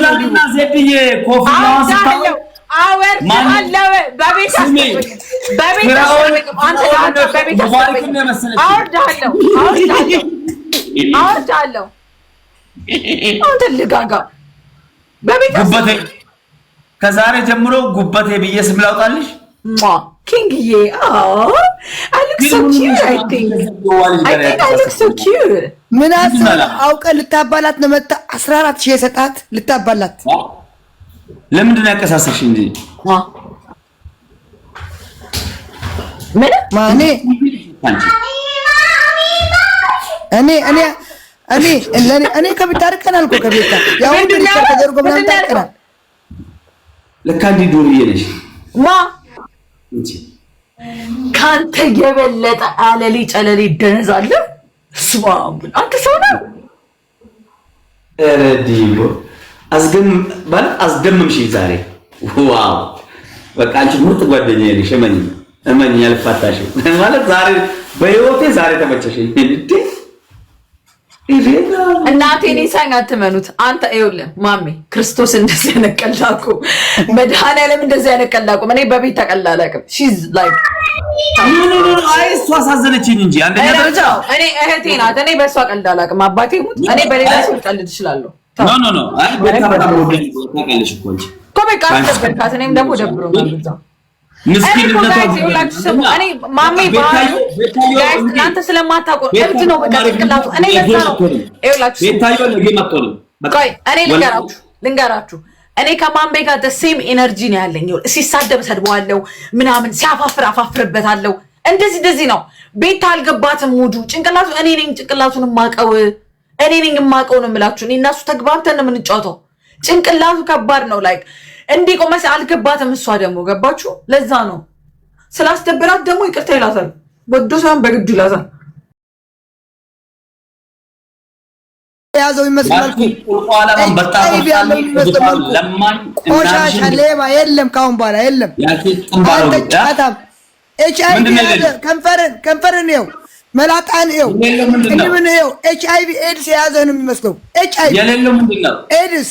ትላንትና ዜድዬ ኮፍያዋን ስታወቅ ከዛሬ ጀምሮ ጉበቴ ብዬ ስም ላውጣልሽ። ኪንግዬ አይ ሉክ ሶ ኪዩት አይ ቲንክ አይ ሉክ ሶ ኪዩት ምን አውቀህ ልታባላት ነው መጣ። 14 ሺህ የሰጣት ልታባላት ለምንድን ነው ያቀሳሰብሽ? እንጂ ምን እኔ እኔ እኔ እኔ እኔ ከቤት እኮ ከቤት ያው ተደርጎ ምናምን ታርቀናል። ለካ እንዲህ ዱርዬ ነሽ። ማ ካንተ የበለጠ አለሊ ጨለሊ ደንዛለህ በስመ አብ አንተ ሰው ነው ረዲቦ አስገም ማለት አስገምምሽ ዛሬ ዋው በቃ አንቺ ምርጥ ጓደኛዬ ነሽ። እመኝ እመኝ ያልፋታሽ ማለት ዛሬ በህይወቴ ዛሬ ተመቸሽኝ እንዴ እናቴ እኔ ሳይን አትመኑት። አንተ ይኸውልህ ማሜ ክርስቶስ እንደዚህ ያነቀላቁ መድኃኒዓለም እንደዚህ ያነቀላቁ እኔ በቤት ተቀላላቅም። አላውቅም። ሺዝ ላይክ አይ አሳዘነችኝ እንጂ እኔ እህቴ ናት። እኔ በእሷ ቀልድ አላውቅም። አባቴ ሙት እኔ በሌላ ሰው ቀልድ እችላለሁ። ኖ ኖ ኖ አይ በጣም ወደኝ ታውቂያለሽ እኮ እንጂ እኮ በቃ አስደበርካት። እኔም ደግሞ ደብሮኛል ብቻ እናንተ ስለማታውቁ እብድ እኔ ለዛ ነው ይኸውላችሁ፣ ልንገራችሁ እኔ ከማንቤ ጋር ሴም ኤነርጂ ነው ያለኝ። ሲሳደብ ሰድበዋለሁ፣ ምናምን ሲያፋፍር አፋፍርበታለሁ። እንደዚህ እንደዚህ ነው። ቤታ አልገባትም ሙዱ። ጭንቅላቱ እኔ ነኝ ጭንቅላቱን የማውቀው እኔ ነኝ የማውቀው ነው የምላችሁ። እኔ እና እሱ ተግባብተን ነው የምንጫወተው። ጭንቅላቱ ከባድ ነው ላይክ እንዲህ ቆመስ አልገባትም። እሷ ደግሞ ገባችሁ። ለዛ ነው ስላስደብራት ደግሞ ይቅርታ ይላታል። ወዶ ሳይሆን በግዱ ይላታል። ያዘው ይመስላል። ቆሻሻ ሌባ የለም፣ ከአሁን በኋላ የለም። ኤች አይ ቪ ከንፈርን ከንፈርን መላጣን ኤች አይ ቪ ኤድስ ነው የሚመስለው ኤች አይ ቪ ኤድስ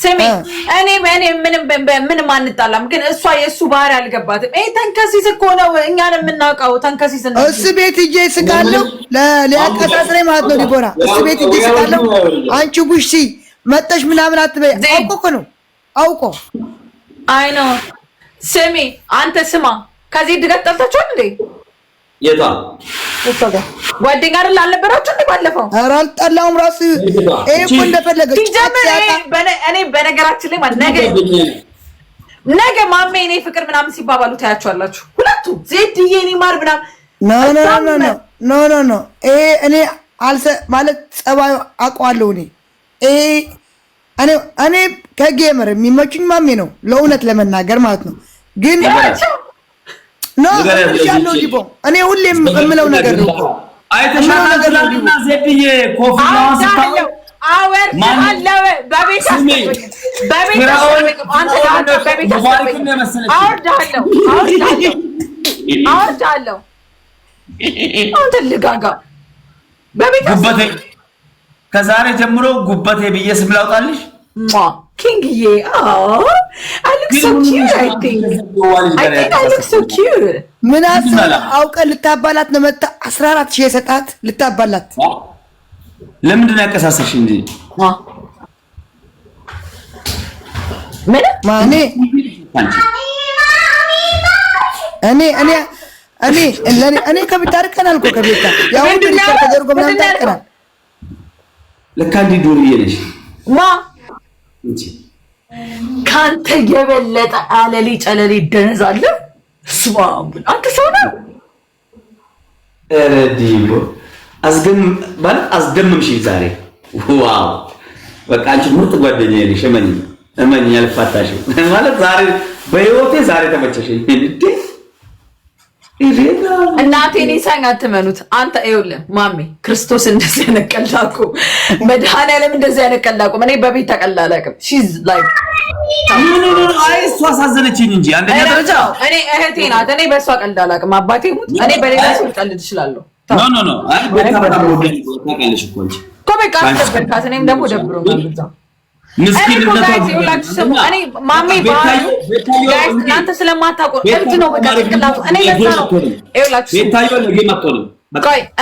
ስሜ እኔ እኔ ምንም ምንም አንጣላም፣ ግን እሷ የእሱ ባህሪ አልገባትም። ይሄ ተንከሲስ እኮ ነው፣ እኛን የምናውቀው ተንከሲስ ነው። እሱ ቤት እጄ ስቃለሁ ሊያቀጣጥረኝ ማለት ነው። ዲቦራ እሱ ቤት እጄ ስቃለሁ። አንቺ ቡሺ መጠሽ ምናምን አትበይ። አውቆ እኮ ነው አውቆ። አይ ነው ስሜ አንተ ስማ፣ ከዚህ ድረስ ጠልታችኋል እንዴ? የታ ጓደኛ አይደል አልነበራችሁ? ባለፈው ኧረ አልጠላሁም። ራስ ይሄ እኮ እኔ በነገራችን ላይ ማለት ነገ ነገ ማሜ እኔ ፍቅር ምናምን ሲባባሉ ታያችኋላችሁ። ሁለቱ ዜድዬ እኔ ማር ምናምን ኖ ኖ ኖ ይሄ እኔ አልሰ ማለት ጸባዩ አውቀዋለሁ። እኔ ይሄ እኔ እኔ ከጌመር የሚመችኝ ማሜ ነው ለእውነት ለመናገር ማለት ነው ግን ያለው ዲቦ እኔ ሁሌም የምለው ነገር ነው። አይተሻታልና ዜድዬ ከዛሬ ጀምሮ ጉበቴ ብዬ ስም ላውጣልሽ ኪንግዬ ምን አውቀህ ልታባላት ነው መጣ። አስራ አራት ሺህ የሰጣት ልታባላት ለምንድን ነው ያቀሳሰብሽ? እንጂ ማኔ እኔ እኔ እኔ እኔ ከቤት አርቀናል እኮ ከቤት ያው ተደርጎ ምናምን ታርቀናል። ለካ እንዲህ ዱርዬ ነሽ ማ ከአንተ የበለጠ አለሌ ጨለሌ ደነዝ አለ? ስማም አንተ ሰው ነው ረዲቦ አስደምምሽ ዛሬ። ዋው በቃ አንቺ ምርጥ ጓደኛ ነሽ። እመኝ እመኝ፣ አልፋታሽም ማለት ዛሬ በህይወቴ ዛሬ ተመቸሽ እንዴ እናቴ እኔ ሳይን አትመኑት። አንተ ይኸውልህ ማሜ ክርስቶስ እንደዚህ ያነቀላቁ መድኃኒዓለም እንደዚህ ያነቀላቁ እኔ በቤት ተቀላላቅም። አላውቅም። ሺዝ ላይክ አይ አሳዘነችኝ እንጂ አንደኛ ደረጃ እኔ እህቴ ናት። እኔ በእሷ ቀልድ አላውቅም። አባቴ ሙት እኔ በሌላ ሰው ቀልድ እችላለሁ። ኖ ኖ ኖ አይ በቃ በጣም ወደኝ ታውቂያለሽ እኮ እንጂ እኮ በቃ አስተበርካት እኔም ደግሞ ደብሮኛል ብዛ እናንተ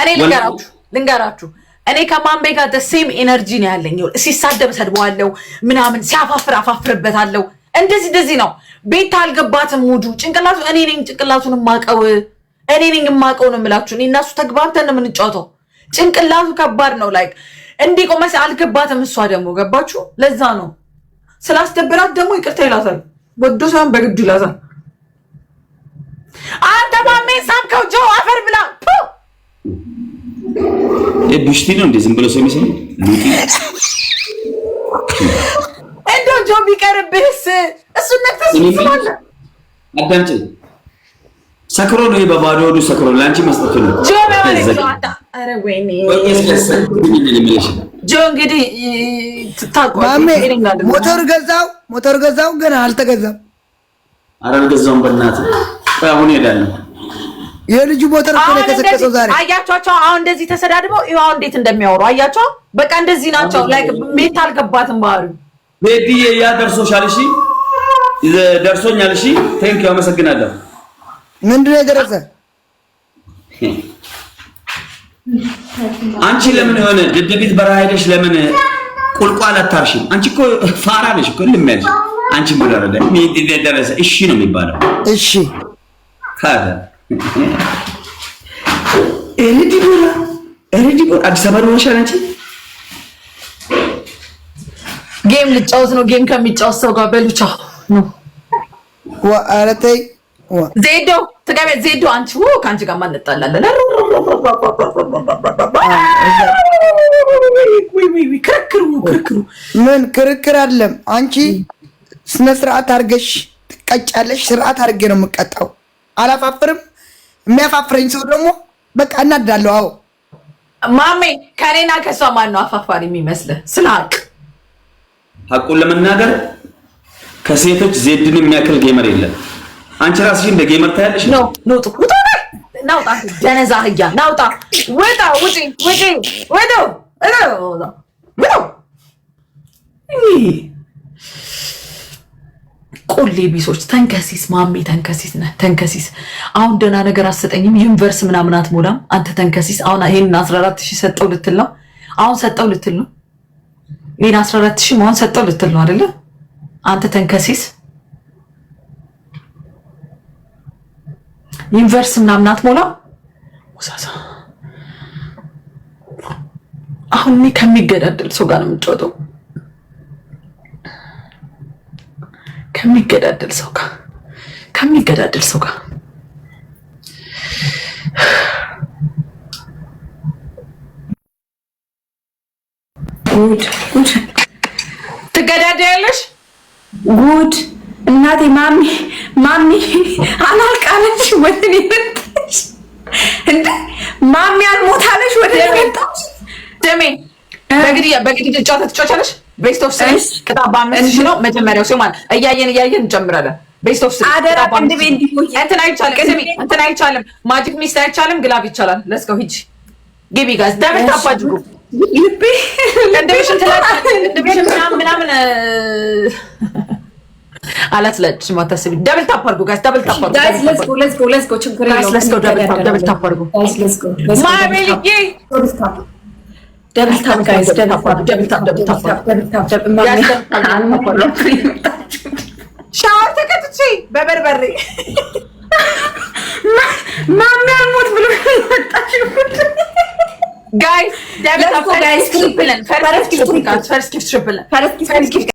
እኔ ልንገራችሁ እኔ ከማንቤ ጋር ሴም ኤነርጂ ነው ያለኝ። ሲሳደብ ምናምን ሲያፋፍር እንደዚህ እንደዚህ ነው። አልገባትም ሙዱ ጭንቅላቱ። እኔ ነኝ ጭንቅላቱን የማውቀው እኔ ነኝ የማውቀው ነው የምላችሁ። እኔ እና እሱ ተግባብተን ነው የምንጫወተው። ጭንቅላቱ ከባድ ነው ላይክ እንዲህ ቆመስ አልገባትም። እሷ ደግሞ ገባችሁ። ለዛ ነው ስላስደበራት ደግሞ ይቅርታ ይላታል። ወዶ ሳይሆን በግድ ይላታል። አንተ ማሜን ሳብከው ጆ አፈር ብላ ቡሽቲ ነው እንዴ? ዝም ብሎ ሰው የሚሰማ እንደው ጆ ቢቀርብህስ እሱን ነክተስ ስማለ አዳምጭ ሰክሮ ነው በባዶ ሆዱ ሰክሮ ላንቺ መስጠቱ ነው። ጆ እንግዲህ ሞተር ገዛው ሞተር ገዛው ገና አልተገዛም። ኧረ አልገዛውም። በእናትህ አሁን እሄዳለሁ። የልጁ ሞተር እኮ ዛሬ። አያቸዋቸው አሁን እንደዚህ ተሰዳድበው ይኸው አሁን እንዴት እንደሚያወሩ አያቸው። በቃ እንደዚህ ናቸው። ሜት አልገባትም ባህሪው። ቤትዬ ያ ደርሶሻል። እሺ ደርሶኛል። እሺ ቴንክ ዩ አመሰግናለሁ። ምንድን ነው የገረፈ? አንቺ ለምን የሆነ ደደቢት በረሃ ሄደሽ ለምን ቁልቋል አታርሽም? አንቺ እኮ ፋራ ነሽ እኮ ልም አንቺ ምደረደ ደረሰ እሺ ነው የሚባለው። እሺ ካደ ኤሪዲ ቦራ ኤሪዲ ቦራ አዲስ አበባ ነው ሻለ አንቺ ጌም ልጫወት ነው ጌም ከሚጫወት ሰው ጋር በሉቻ ነው ወአረተይ ዜዶ ተጋቢያ ዜዶ አንቺ ከአንቺ ጋር ማንጣላለን። ክርክሩ ክርክሩ ምን ክርክር አለም? አንቺ ስነ ስርዓት አድርገሽ ትቀጫለሽ። ስርዓት አድርጌ ነው የምቀጣው። አላፋፍርም። የሚያፋፍረኝ ሰው ደግሞ በቃ እናዳለሁ። አዎ ማሜ፣ ከኔና ከሷ ማን ነው አፋፋሪ የሚመስልህ? ስለ ሀቅ ሀቁን ለመናገር ከሴቶች ዜድን የሚያክል ጌመር የለም። አንቺ ራስሽ እንደ ጌመር ታያለሽ። ነው ነው ናውጣ ደነዛ ህያ ናውጣ ወጣ ውጪ ውጪ ወዶ ወዶ ቆሌ ቢሶች ተንከሲስ ማሜ ተንከሲስ ነህ ተንከሲስ። አሁን ደህና ነገር አሰጠኝም ዩኒቨርስ ምናምን አትሞላም አንተ ተንከሲስ። አሁን ይሄንን አስራ ሺህ ሰጠው ልትል ነው አሁን ሰጠው ልትል ነው። ይሄን አስራ አራት ሺህ አሁን ሰጠው ልትል ነው አይደለ አንተ ተንከሲስ። ዩኒቨርስ ምናምን አትሞላ ውሳሳ አሁን እኔ ከሚገዳደል ሰው ጋር ነው የምጫወተው። ከሚገዳደል ሰው ጋር ከሚገዳደል ሰው ጋር ትገዳደያለሽ? ጉድ እናቴ ማሚ ማሚ አላልቃለች ወደ እኔ እንደ ማሚ አልሞታለች ወደ እኔ ደሜ በግድያ በግድያ ጨዋታ ቤስት ኦፍ ቅጣት በአምስት ነው መጀመሪያው ሲሆን ማለት እያየን እያየን እንጨምራለን። ቤስት ኦፍ ስሪ አደራ። እንትን አይቻልም፣ እንትን አይቻልም፣ ማጂክ ሚስት አይቻልም፣ ግላብ ይቻላል። ለስከው ሂጂ ግቢ ጋዝ ደብል ታፕ አድርጉ ልቤ ምናምን አላስለቅሽም አታስቢ። ደብል ታፕ አድርጉ ጋይስ፣ ደብል ታፕ አድርጉ ጋይስ። ሌትስ ጎ ሌትስ ጎ ሌትስ ጎ ችግር የለውም። ሌትስ ጎ ደብል ታፕ ደብል ታፕ አድርጉ ጋይስ። ሌትስ ጎ ማቤልዬ ደብል ታፕ ደብል ታፕ ጋይስ፣ ደብል ታፕ ደብል ታፕ ደብል ታፕ ደብል ታፕ ደብል ታፕ። ሻወር ተከትቼ በበርበሬ ማሚ አሞት ብሎ ወጣሽ ጉድ ጋይስ። ደብል ታፕ ጋይስ። ትሪፕልን ፈርስት ጊፍት ትሪፕልን ፈርስት ጊፍት ትሪፕልን ፈርስት ጊፍት